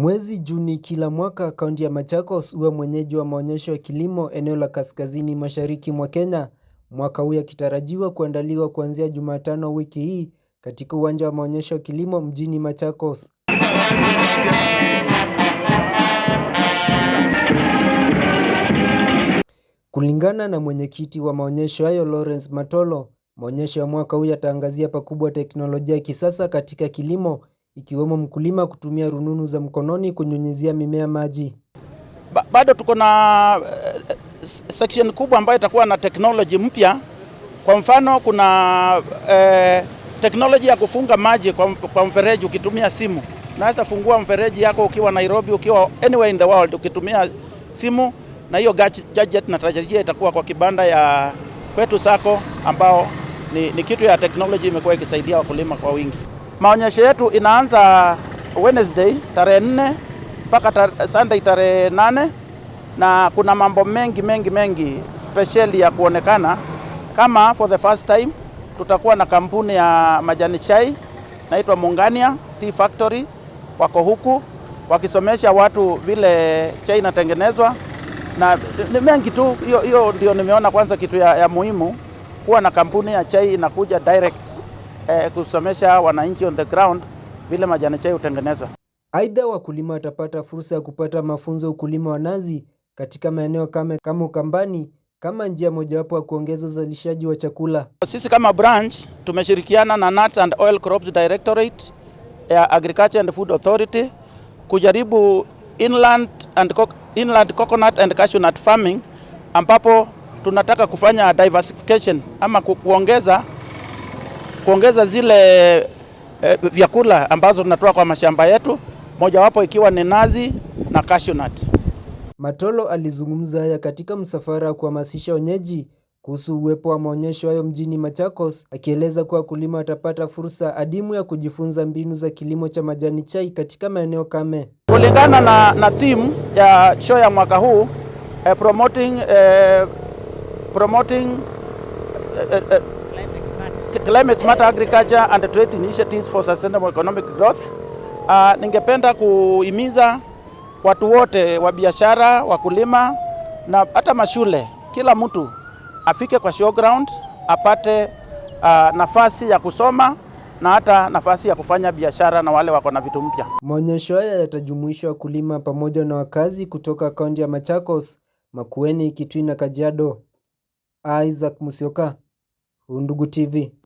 Mwezi juni kila mwaka kaunti ya machakos huwa mwenyeji wa maonyesho ya kilimo eneo la kaskazini mashariki mwa Kenya. Mwaka huu yakitarajiwa kuandaliwa kuanzia jumatano wiki hii katika uwanja wa maonyesho ya kilimo mjini machakos. Kulingana na mwenyekiti wa maonyesho hayo Lawrence Matolo, maonyesho ya mwaka huu yataangazia pakubwa teknolojia ya kisasa katika kilimo ikiwemo mkulima kutumia rununu za mkononi kunyunyizia mimea maji. Ba, bado tuko na uh, section kubwa ambayo itakuwa na teknoloji mpya. Kwa mfano kuna uh, eh, teknoloji ya kufunga maji kwa, kwa mfereji ukitumia simu. Unaweza fungua mfereji yako ukiwa Nairobi, ukiwa anywhere in the world ukitumia simu, na hiyo gadget tarajia itakuwa kwa kibanda ya kwetu sako, ambao ni, ni kitu ya teknoloji imekuwa ikisaidia wakulima kwa wingi. Maonyesho yetu inaanza Wednesday tarehe nne mpaka Sunday tarehe nane na kuna mambo mengi mengi mengi special ya kuonekana. Kama for the first time tutakuwa na kampuni ya majani chai naitwa Mungania Tea Factory, wako huku wakisomesha watu vile chai inatengenezwa na ni mengi tu. Hiyo ndio nimeona kwanza kitu ya, ya muhimu kuwa na kampuni ya chai inakuja direct eh, kusomesha wananchi on the ground vile majani chai hutengenezwa. Aidha, wakulima watapata fursa ya kupata mafunzo ukulima wa nazi katika maeneo kame kama Ukambani kama njia mojawapo ya kuongeza uzalishaji wa chakula. Sisi kama branch tumeshirikiana na Nuts and Oil Crops Directorate ya eh, Agriculture and Food Authority kujaribu inland and co inland coconut and cashew nut farming ambapo tunataka kufanya diversification ama kuongeza kuongeza zile e, vyakula ambazo tunatoa kwa mashamba yetu, mojawapo ikiwa ni nazi na cashew nut. Matolo alizungumza haya katika msafara wa kuhamasisha wenyeji kuhusu uwepo wa maonyesho hayo mjini Machakos, akieleza kuwa wakulima watapata fursa adimu ya kujifunza mbinu za kilimo cha majani chai katika maeneo kame. Kulingana na, na theme ya show ya mwaka huu eh, promoting, eh, promoting eh, eh, Climate Smart Agriculture and Trade Initiatives for Sustainable Economic Growth. Uh, ningependa kuhimiza watu wote wa biashara, wakulima na hata mashule, kila mtu afike kwa showground apate uh, nafasi ya kusoma na hata nafasi ya kufanya biashara na wale wako na vitu mpya. Maonyesho haya yatajumuisha wakulima pamoja na wakazi kutoka kaunti ya Machakos, Makueni, Kitui na Kajiado. Isaac musioka Undugu TV.